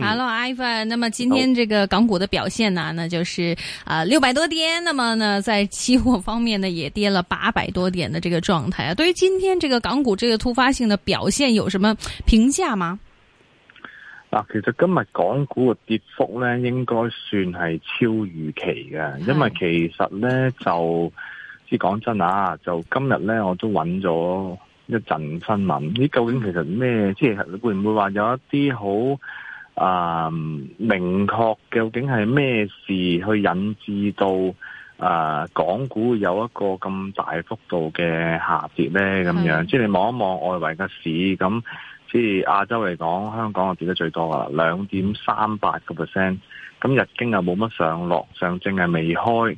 Hello Ivan 那麼今天這個港股的表現呢、啊？那 Hello. 就是啊六百多點。那麼呢，在期貨方面呢，也跌了八百多點的這個狀態啊。對於今天這個港股這個突發性的表現，有什麼評價嗎？嗱，其實今日港股嘅跌幅咧，應該算係超預期嘅。是因為其實咧，就即講真啊，就今日咧，我都揾咗一陣新聞，呢究竟其實咩？即係會唔會話有一啲好？啊、嗯！明確究竟係咩事去引致到啊、呃、港股有一個咁大幅度嘅下跌呢？咁樣的即你望一望外圍嘅市，咁即係亞洲嚟講，香港就跌得最多㗎喇，兩點三八個 percent。咁日經又冇乜上落，上證係未開。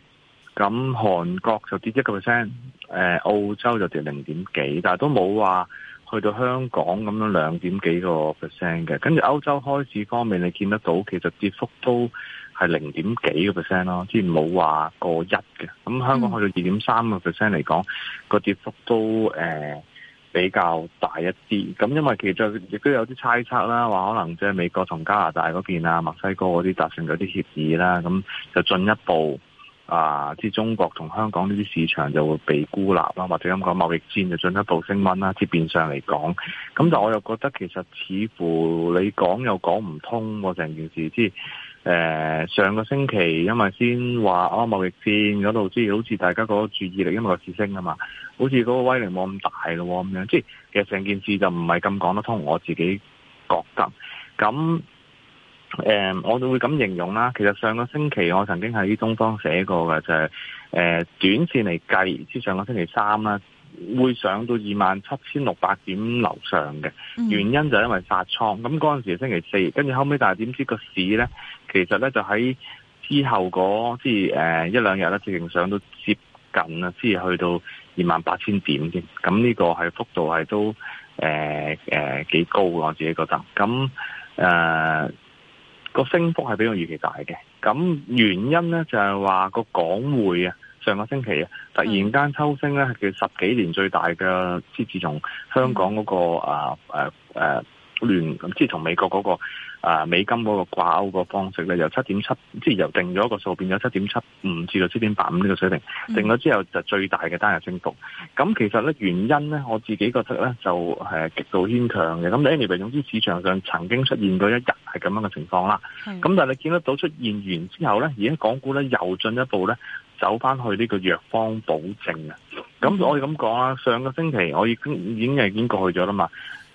咁韓國就跌一個 percent，誒澳洲就跌零點幾，但係都冇話。去到香港咁樣兩點幾個 percent 嘅，跟住歐洲開始方面，你見得到其實跌幅都係零點幾個 percent 咯，即係冇話過一嘅。咁香港去到二點三個 percent 嚟講，個跌幅都誒、呃、比較大一啲。咁因為其實亦都有啲猜測啦，話可能即係美國同加拿大嗰邊啊、墨西哥嗰啲達成咗啲協議啦，咁就進一步。啊！即中國同香港呢啲市場就會被孤立啦，或者咁講，貿易戰就進一步升溫啦。即變相嚟講，咁但我又覺得其實似乎你講又講唔通喎，成件事即係、呃、上個星期因為先話啊貿易戰嗰度，即係好似大家個注意力因為個事升啊嘛，好似嗰個威力冇咁大咯咁樣。即係其實成件事就唔係咁講得通，我自己覺得咁。誒、嗯，我就會咁形容啦。其實上個星期我曾經喺東方寫過嘅，就係、是、誒、呃、短線嚟計，即上個星期三啦，會上到二萬七千六百點樓上嘅。原因就係因為殺倉。咁嗰陣時係星期四，跟住後尾，但係點知個市咧，其實咧就喺之後嗰、即係誒一兩日咧，直情上到接近啊，即係去到二萬八千點先。咁呢個係幅度係都誒誒幾高嘅，我自己覺得。咁誒。呃個升幅係比我預期大嘅，咁原因咧就係話個港匯啊，上個星期啊突然間抽升咧，係叫十幾年最大嘅，即自從香港嗰、那個啊誒誒。啊啊亂咁，即係同美國嗰、那個誒、呃、美金嗰個掛鈎個方式咧，由七點七，即係由定咗一個數，變咗七點七五至到七點八五呢個水平，嗯、定咗之後就最大嘅單日升幅。咁其實咧原因咧，我自己覺得咧就係、是、極度牽強嘅。咁你 anyway，總之市場上曾經出現過一日係咁樣嘅情況啦。咁的但係你見得到出現完之後咧，而家港股咧又進一步咧走翻去呢個弱方保證嘅。咁、嗯、我哋咁講啦，上個星期我已經已經係已經過去咗啦嘛。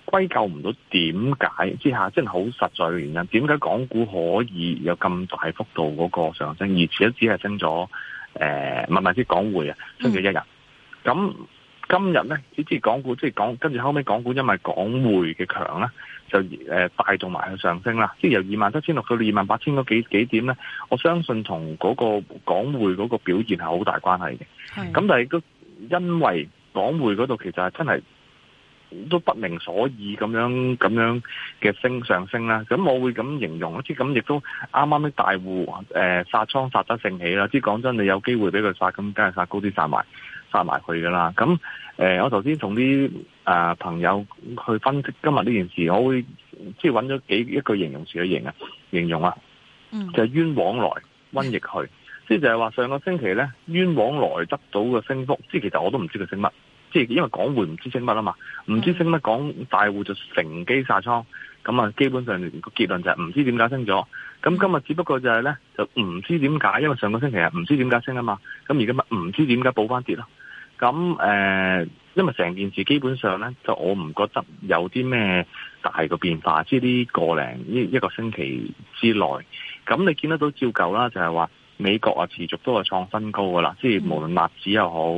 歸咎唔到點解之下，真係好實在嘅原因。點解港股可以有咁大幅度嗰個上升，而且只係升咗誒，唔係唔係指港匯啊，升咗一日。咁、嗯、今日咧，只知港股即係、就是、港，跟住後尾港股因為港匯嘅強咧，就誒、呃、帶動埋去上升啦。即、就、係、是、由二萬七千六到二萬八千嗰幾點咧，我相信同嗰個港匯嗰個表現係好大關係嘅。咁的但係都因為港匯嗰度其實係真係。都不明所以咁樣咁樣嘅，升上升啦，咁我會咁形容，即係咁亦都啱啱啲大戶誒、呃、殺倉殺得盛起啦，即係講真，你有機會俾佢殺，咁梗係殺高啲殺埋殺埋佢噶啦。咁誒、呃，我頭先同啲誒朋友去分析今日呢件事，我會即係揾咗幾一個形容詞去形容啊，形容啦，就係冤枉來瘟疫去，即係、嗯、就係話上個星期咧冤枉來得到嘅升幅，即係其實我都唔知佢升乜。即係因為港匯唔知升乜啊嘛，唔知升乜，港大戶就乘機殺倉，咁啊基本上個結論就係唔知點解升咗。咁今日只不過就係咧就唔知點解，因為上個星期係唔知點解升啊嘛，咁而家咪唔知點解補翻跌咯。咁誒、呃，因為成件事基本上咧就我唔覺得有啲咩大嘅變化，即係呢個零呢一個星期之內。咁你見得到照舊啦，就係話。美國啊，持續都係創新高噶啦，即係無論納指又好，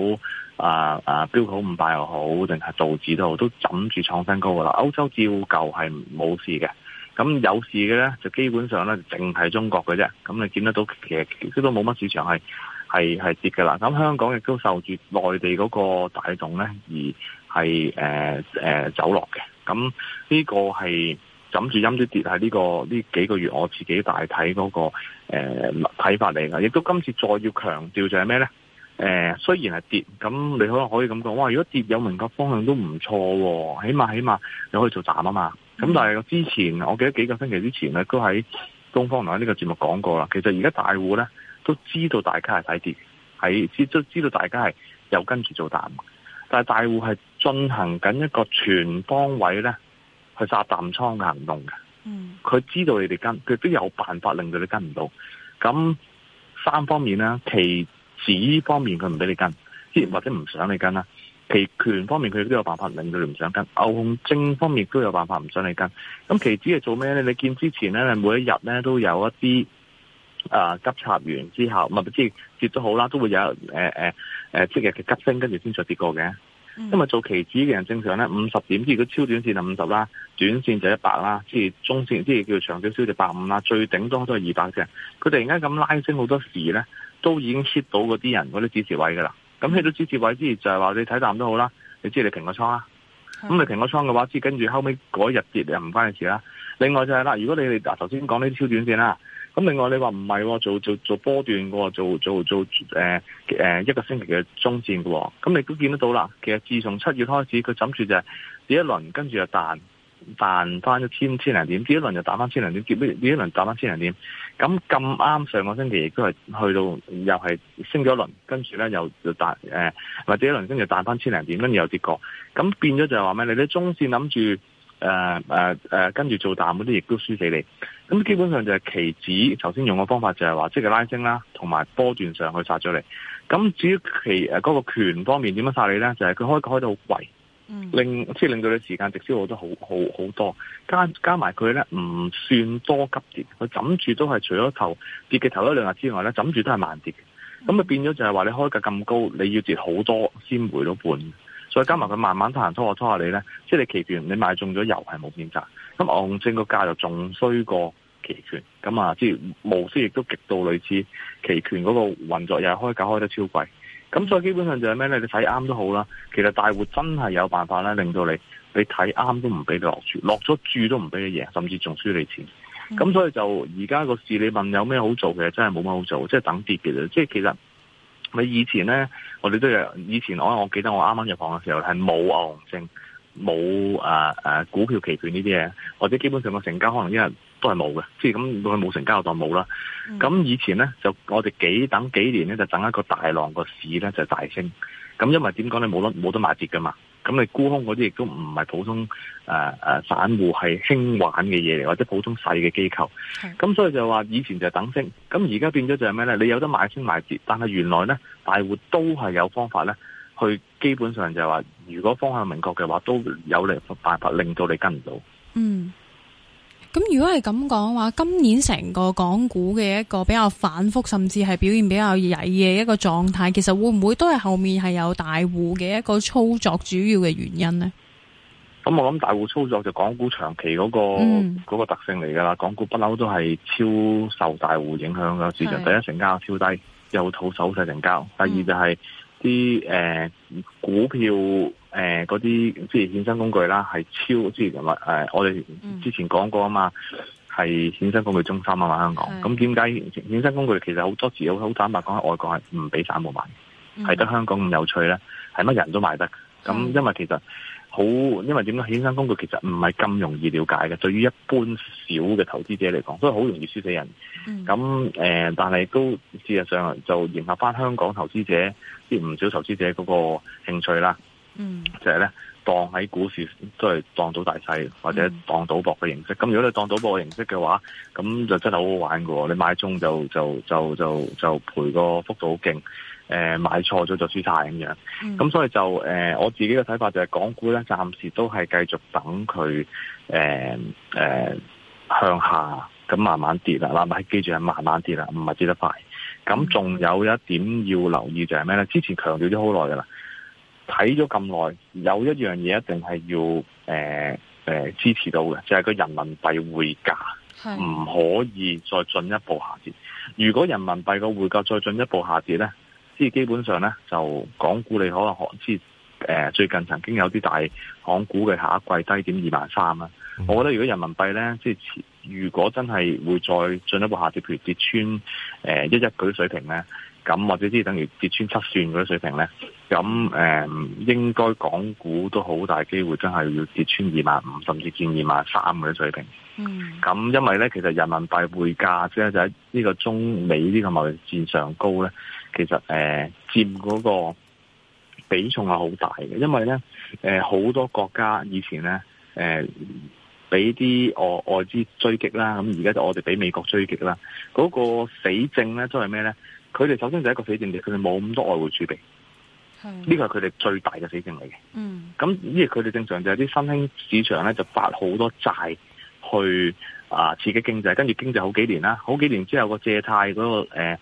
啊啊標普五百又好，定係道指都好，都枕住創新高噶啦。歐洲照舊係冇事嘅，咁有事嘅咧就基本上咧，淨係中國嘅啫。咁你見得到其實,其實都冇乜市場係係係跌嘅啦。咁香港亦都受住內地嗰個帶動咧，而係誒誒走落嘅。咁呢個係。枕住音啲跌係呢、這個呢幾個月我自己大體嗰、那個睇、呃、法嚟㗎，亦都今次再要強調就係咩呢？誒、呃，雖然係跌，咁你可能可以咁講，哇！如果跌有明確方向都唔錯喎、啊，起碼起碼你可以做淡啊嘛。咁但係之前，我記得幾個星期之前咧，都喺東方來呢個節目講過啦。其實而家大戶呢，都知道大家係睇跌，係知都知道大家係又跟住做淡。但係大戶係進行緊一個全方位呢，係殺淡倉嘅行動嘅，佢知道你哋跟，佢都有辦法令到你跟唔到。咁三方面咧，期指方面佢唔俾你跟，即或者唔想你跟啦。期權方面佢都有辦法令到你唔想跟，牛熊證方面都有辦法唔想你跟。咁期指係做咩咧？你見之前咧，每一日咧都有一啲啊急插完之後，唔咪即係跌咗好啦，都會有誒誒誒即日嘅急升，跟住先再跌過嘅。嗯、因為做期指嘅人正常咧，五十點，即如果超短線就五十啦，短線就一百啦，即係中線即係叫長少少就百五啦，最頂多都係二百嘅。佢突然間咁拉升好多時咧，都已經 hit 到嗰啲人嗰啲指示位噶啦。咁 hit、嗯、到指示位之前就係話你睇淡都好啦，你知你平個倉啦。咁的你平個倉嘅話，即跟住後尾嗰日跌又唔關你事啦。另外就係、是、啦，如果你哋嗱頭先講呢啲超短線啦、啊。咁另外你話唔係做做做波段嘅，做做做誒誒、呃呃、一個星期嘅中線喎。咁你都見得到啦。其實自從七月開始，佢枕住就係跌一輪，跟住又彈彈翻咗千千零點，跌一輪又打翻千零點，跌一輪打翻千零點。咁咁啱上個星期亦都係去到又係升咗一輪，跟住咧又彈，彈、呃、誒，或者一輪跟住彈翻千零點，跟住又跌過。咁變咗就係話咩？你啲中線諗住誒誒誒，跟住做彈嗰啲，亦都輸死你。咁基本上就係期指，頭先用嘅方法就係話即係拉升啦，同埋波段上去殺咗你。咁至於期誒嗰個權方面點樣殺你咧？就係、是、佢開價開得好貴，嗯、令即係令到你時間直接耗得好好好多。加加埋佢咧，唔算多急跌，佢枕住都係除咗頭跌嘅頭一兩日之外咧，枕住都係慢跌嘅。咁啊、嗯、變咗就係話你開價咁高，你要跌好多先回到本。所以加埋佢慢慢彈拖我拖下你咧，即係你期權你買中咗油係冇變化，咁牛熊證個價就仲衰過期權，咁啊，即係模式亦都極度類似期權嗰個運作，又係開價開得超貴。咁所以基本上就係咩咧？你睇啱都好啦，其實大戶真係有辦法咧，令到你看對你睇啱都唔俾你落注，落咗注都唔俾你贏，甚至仲輸你錢。咁所以就而家個事，你問有咩好做嘅，其實真係冇乜好做，即係等跌嘅啫。即係其實。咪以前咧，我哋都有以前我我記得我啱啱入行嘅時候係冇牛熊證，冇誒誒股票期權呢啲嘢，或者基本上個成交可能一日都係冇嘅，即係咁佢冇成交就當冇啦。咁、嗯、以前咧就我哋幾等幾年咧就等一個大浪個市咧就大升。咁因為點講咧，冇得冇得買跌噶嘛。咁你沽空嗰啲亦都唔係普通誒誒、呃、散戶係輕玩嘅嘢嚟，或者普通細嘅機構。咁的所以就話以前就等升，咁而家變咗就係咩咧？你有得買升買跌，但係原來咧大戶都係有方法咧，去基本上就係話，如果方向明確嘅話，都有嚟辦法令到你跟唔到。嗯。咁如果係咁講話，今年成個港股嘅一個比較反覆，甚至係表現比較曳嘅一個狀態，其實會唔會都係後面係有大戶嘅一個操作主要嘅原因咧？咁、嗯、我諗，大戶操作就港股長期嗰、嗰個嗰個特性嚟噶啦，港股不嬲都係超受大戶影響嘅市場，是第一，成交超低，又套手勢成交；第二就係啲誒股票。誒嗰啲即係衍生工具啦，係超即係誒我哋之前講、呃、過啊嘛，係、嗯、衍生工具中心啊嘛，香港。咁點解衍生工具其實好多時，好坦白講喺外國係唔俾散戶買，係、嗯、得香港咁有趣咧？係乜人都買得。咁是因為其實好，因為點解衍生工具其實唔係咁容易了解嘅，對於一般少嘅投資者嚟講，都好容易輸死人。咁誒、嗯呃，但係都事實上就迎合翻香港投資者，即唔少投資者嗰個興趣啦。嗯，就係咧，當喺股市都係當賭大細或者當賭博嘅形式。咁、嗯、如果你當賭博嘅形式嘅話，咁就真係好好玩噶。你買中就就就就就賠個幅度好勁。誒，買錯咗就輸晒咁樣。咁、嗯、所以就誒、呃，我自己嘅睇法就係港股咧，暫時都係繼續等佢誒誒向下，咁慢慢跌啦，慢慢記住係慢慢跌啦，唔係跌得快。咁仲有一點要留意就係咩咧？之前強調咗好耐噶啦。睇咗咁耐，有一樣嘢一定係要誒誒、呃呃、支持到嘅，就係、是、個人民幣匯價唔可以再進一步下跌。如果人民幣個匯價再進一步下跌咧，即係基本上咧就港股你可能可，即係最近曾經有啲大港股嘅下一季低點二萬三啦。我覺得如果人民幣咧即係如果真係會再進一步下跌，譬如跌穿、呃、一一舉水平咧。咁或者即係等於跌穿七算嗰啲水平咧，咁誒、嗯、應該港股都好大機會，真係要跌穿二萬五，甚至見二萬三嗰啲水平。嗯。咁因為咧，其實人民幣匯價即係就喺、是、呢個中美呢個貿易戰上高咧，其實誒、呃、佔嗰個比重係好大嘅，因為咧誒好多國家以前咧誒俾啲外外資追擊啦，咁而家就我哋俾美國追擊啦，嗰、那個死症咧都係咩咧？就是佢哋首先就係一個死症嘅，佢哋冇咁多外匯儲備，呢個係佢哋最大嘅死症嚟嘅。嗯，咁呢？佢哋正常就係啲新興市場咧，就發好多債去啊刺激經濟，跟住經濟好幾年啦，好幾年之後借貸，嗰個借貸嗰個誒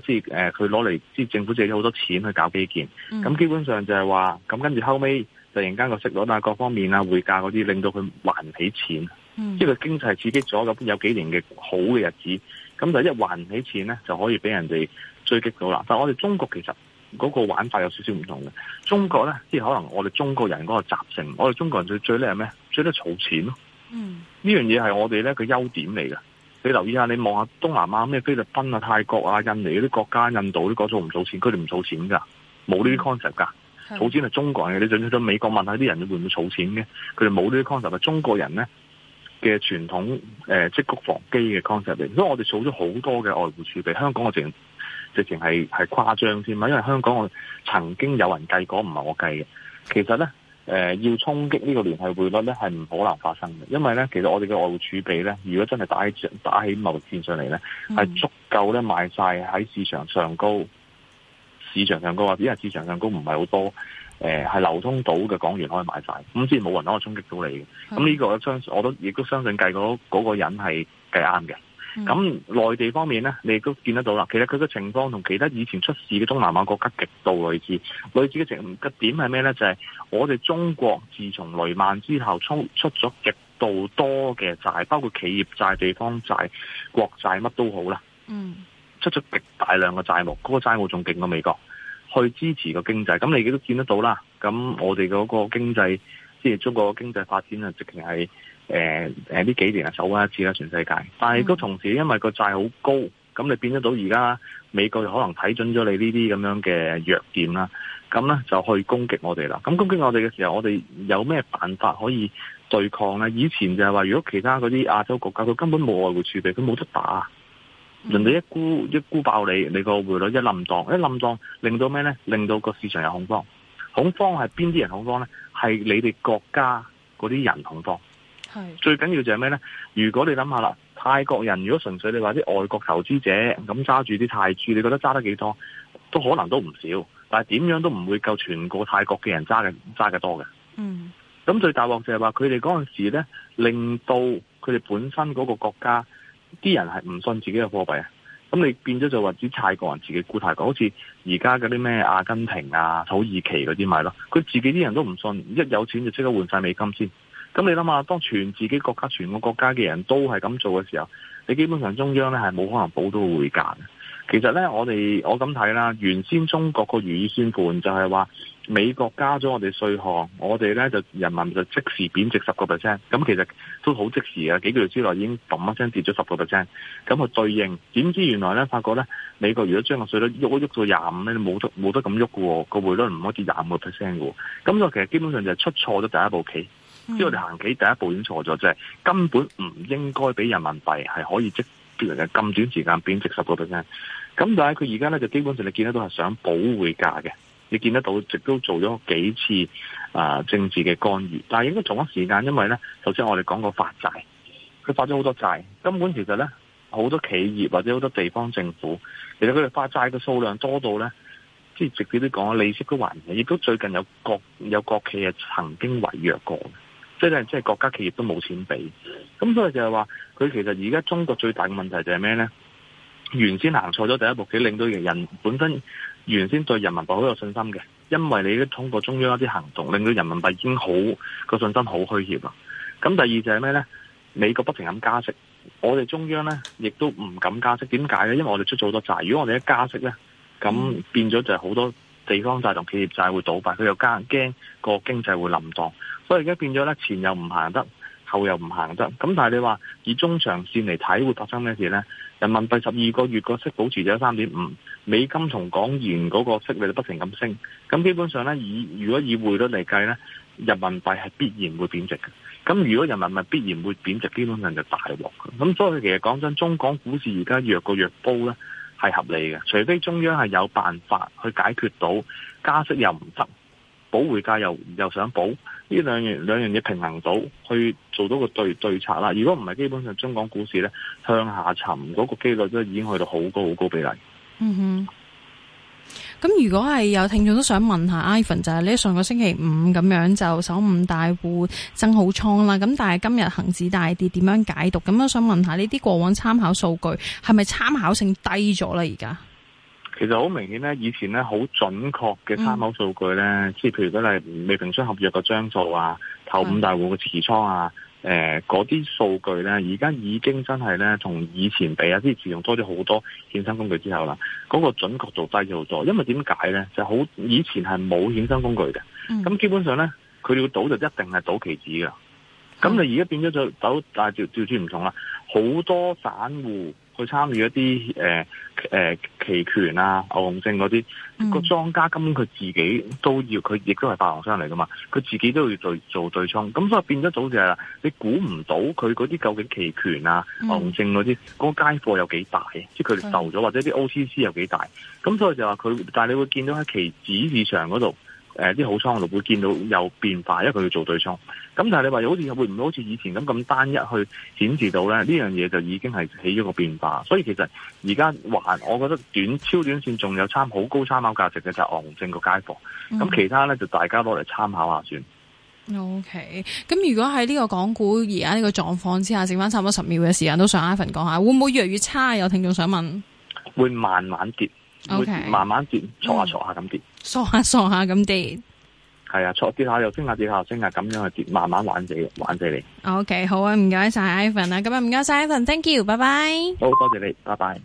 嗰即係誒佢攞嚟即係政府借咗好多錢去搞基建，咁、嗯、基本上就係話咁，跟住後尾突然間個息率啊各方面啊匯價嗰啲令到佢還唔起錢，即係、嗯、佢經濟刺激咗咁有幾年嘅好嘅日子。咁就一還起錢咧，就可以俾人哋追擊到啦。但係我哋中國其實嗰個玩法有少少唔同嘅。中國咧，即係可能我哋中國人嗰個習性，我哋中國人最最叻係咩？最叻儲錢咯。嗯，呢樣嘢係我哋咧個優點嚟嘅。你留意下，你望下東南亞咩菲律賓啊、泰國啊、印尼嗰啲國家，印度啲嗰種唔儲錢，佢哋唔儲錢㗎，冇呢啲 concept 㗎。儲錢係中國人嘅。你再去咗美國問下啲人會唔會儲錢嘅？佢哋冇呢啲 concept。中國人咧，嘅傳統誒、呃、積谷防饑嘅 concept 嚟，所以我哋儲咗好多嘅外匯儲備。香港我直情直情係係誇張添嘛，因為香港我曾經有人計過，唔係我計嘅。其實咧、呃、要衝擊呢個聯繫匯率咧，係唔可能發生嘅。因為咧，其實我哋嘅外匯儲備咧，如果真係打起打起貿易戰上嚟咧，係、嗯、足夠咧買曬喺市場上高，市場上高或者因為市場上高唔係好多。誒，係、呃、流通到嘅港元可以買曬，咁之前冇人可以衝擊到你嘅。咁呢的個，相我都亦都相信計嗰個個人係計啱嘅。咁內、嗯、地方面咧，你亦都見得到啦。其實佢嘅情況同其他以前出事嘅中南亞國家極度類似，類似嘅情嘅點係咩咧？就係、是、我哋中國自從雷曼之後，出出咗極度多嘅債，包括企業債、地方債、國債乜都好啦。嗯，出咗極大量嘅債務，嗰、那個債務仲勁過美國。去支持個經濟，咁你哋都見得到啦。咁我哋嗰個經濟，即係中國經濟發展啊，直情係誒誒呢幾年係首屈一指啦，全世界。但係都同時因為個債好高，咁你變得到而家美國可能睇準咗你呢啲咁樣嘅弱點啦，咁咧就去攻擊我哋啦。咁攻擊我哋嘅時候，我哋有咩辦法可以對抗咧？以前就係話，如果其他嗰啲亞洲國家佢根本冇外匯儲備，佢冇得打。人哋、嗯、一沽一沽爆你，你個匯率一冧撞，一冧撞令到咩呢？令到個市場有恐慌。恐慌係邊啲人恐慌呢？係你哋國家嗰啲人恐慌。是最緊要就係咩呢？如果你諗下啦，泰國人如果純粹你話啲外國投資者咁揸住啲泰銖，你覺得揸得幾多？都可能都唔少，但係點樣都唔會夠全個泰國嘅人揸嘅揸嘅多嘅。嗯。咁最大鑊就係話佢哋嗰陣時呢，令到佢哋本身嗰個國家。啲人係唔信自己嘅貨幣啊，咁你變咗就話指泰國人自己顧泰國，好似而家嗰啲咩阿根廷啊、土耳其嗰啲咪咯，佢自己啲人都唔信，一有錢就即刻換晒美金先，咁你諗下，當全自己國家、全個國家嘅人都係咁做嘅時候，你基本上中央咧係冇可能保到匯價。其實咧，我哋我咁睇啦，原先中國個如意算盤就係話美國加咗我哋稅項，我哋咧就人民就即時貶值十個 percent，咁其實都好即時嘅，幾個月之內已經嘣一聲跌咗十個 percent，咁啊對應，點知原來咧發覺咧，美國如果將個稅率喐一喐到廿五咧，冇得冇得咁喐嘅，個匯率唔可以跌廿五個 percent 嘅，咁就其實基本上就係出錯咗第一步棋，即係我哋行棋第一步已經錯咗，即係根本唔應該俾人民幣係可以即。咁短時間貶值十個 percent，咁但係佢而家咧就基本上你見得到係想保匯價嘅，你見得到直都做咗幾次啊、呃、政治嘅干預。但係應該同一時間，因為咧頭先我哋講過發債，佢發咗好多債，根本其實咧好多企業或者好多地方政府，其實佢哋發債嘅數量多到咧，即係直接啲講利息都還唔起，亦都最近有國有國企啊曾經違約過的。即係即係，國家企業都冇錢俾，咁所以就係話，佢其實而家中國最大嘅問題就係咩呢？原先行錯咗第一步，佢令到人本身原先對人民幣好有信心嘅，因為你通過中央一啲行動，令到人民幣已經好個信心好虛怯啦。咁第二就係咩呢？美國不停咁加息，我哋中央呢亦都唔敢加息。點解呢？因為我哋出咗好多債，如果我哋一加息呢，咁變咗就係好多。地方債同企業債會倒閉，佢又驚驚個經濟會冧盪，所以而家變咗咧，前又唔行得，後又唔行得。咁但係你話以中長線嚟睇會發生咩事呢？人民幣十二個月個息保持咗三點五，美金同港元嗰個息率不停咁升，咁基本上呢，以如果以匯率嚟計呢，人民幣係必然會貶值嘅。咁如果人民幣必然會貶值，基本上就大鑊。咁所以其實講真，中港股市而家弱個弱煲呢。係合理嘅，除非中央係有辦法去解決到，加息又唔得，保匯價又又想保，呢兩樣兩樣嘢平衡到，去做到個對對策啦。如果唔係，基本上中港股市呢向下沉嗰個機率都已經去到好高好高比例。嗯哼。咁如果係有聽眾都想問下，Ivan 就係呢上個星期五咁樣就首五大戶增好倉啦，咁但係今日恒指大跌，點樣解讀？咁啊想問下呢啲過往參考數據係咪參考性低咗啦？而家其實好明顯咧，以前咧好準確嘅參考數據咧，即係譬如都係未平出合約嘅張數啊，頭五大戶嘅持倉啊。誒嗰啲數據咧，而家已經真係咧，從以前比一啲使，使用多咗好多衍生工具之後啦，嗰、那個準確度低咗好多。因為點解咧？就好以前係冇衍生工具嘅，咁、嗯、基本上咧，佢要賭就一定係賭期指噶。咁你而家變咗就賭，但係調調轉唔同啦，好多散戶。去參與一啲誒誒期權啊、牛熊證嗰啲，個、嗯、莊家根本佢自己都要，佢亦都係發行商嚟㗎嘛，佢自己都要做做對沖，咁所以變咗就好似係啦，你估唔到佢嗰啲究竟期權啊、嗯、牛熊證嗰啲嗰個街貨有幾大，嗯、即係佢哋受咗或者啲 OTC 有幾大，咁所以就話佢，但係你會見到喺期指市場嗰度。誒啲、呃、好倉路會見到有變化，因為佢要做對倉。咁但係你話好似會唔會好似以前咁咁單一去顯示到咧？呢樣嘢就已經係起咗個變化。所以其實而家還，我覺得短超短線仲有參好高參考價值嘅就昂正個街貨。咁、嗯、其他咧就大家攞嚟參考下算。O K. 咁如果喺呢個港股而家呢個狀況之下，剩翻差唔多十秒嘅時間都想 Ivan 講下，會唔會越嚟越差？有聽眾想問。會慢慢跌。會慢慢跌，挫下挫下咁跌，挫下挫下咁跌，係啊，挫跌下又升下跌下又升下，咁樣去跌，慢慢玩死嘅，玩死你。OK，好啊，唔該晒 Evan 啊，咁啊唔該晒 Evan，Thank you，拜拜。好多謝你，拜拜。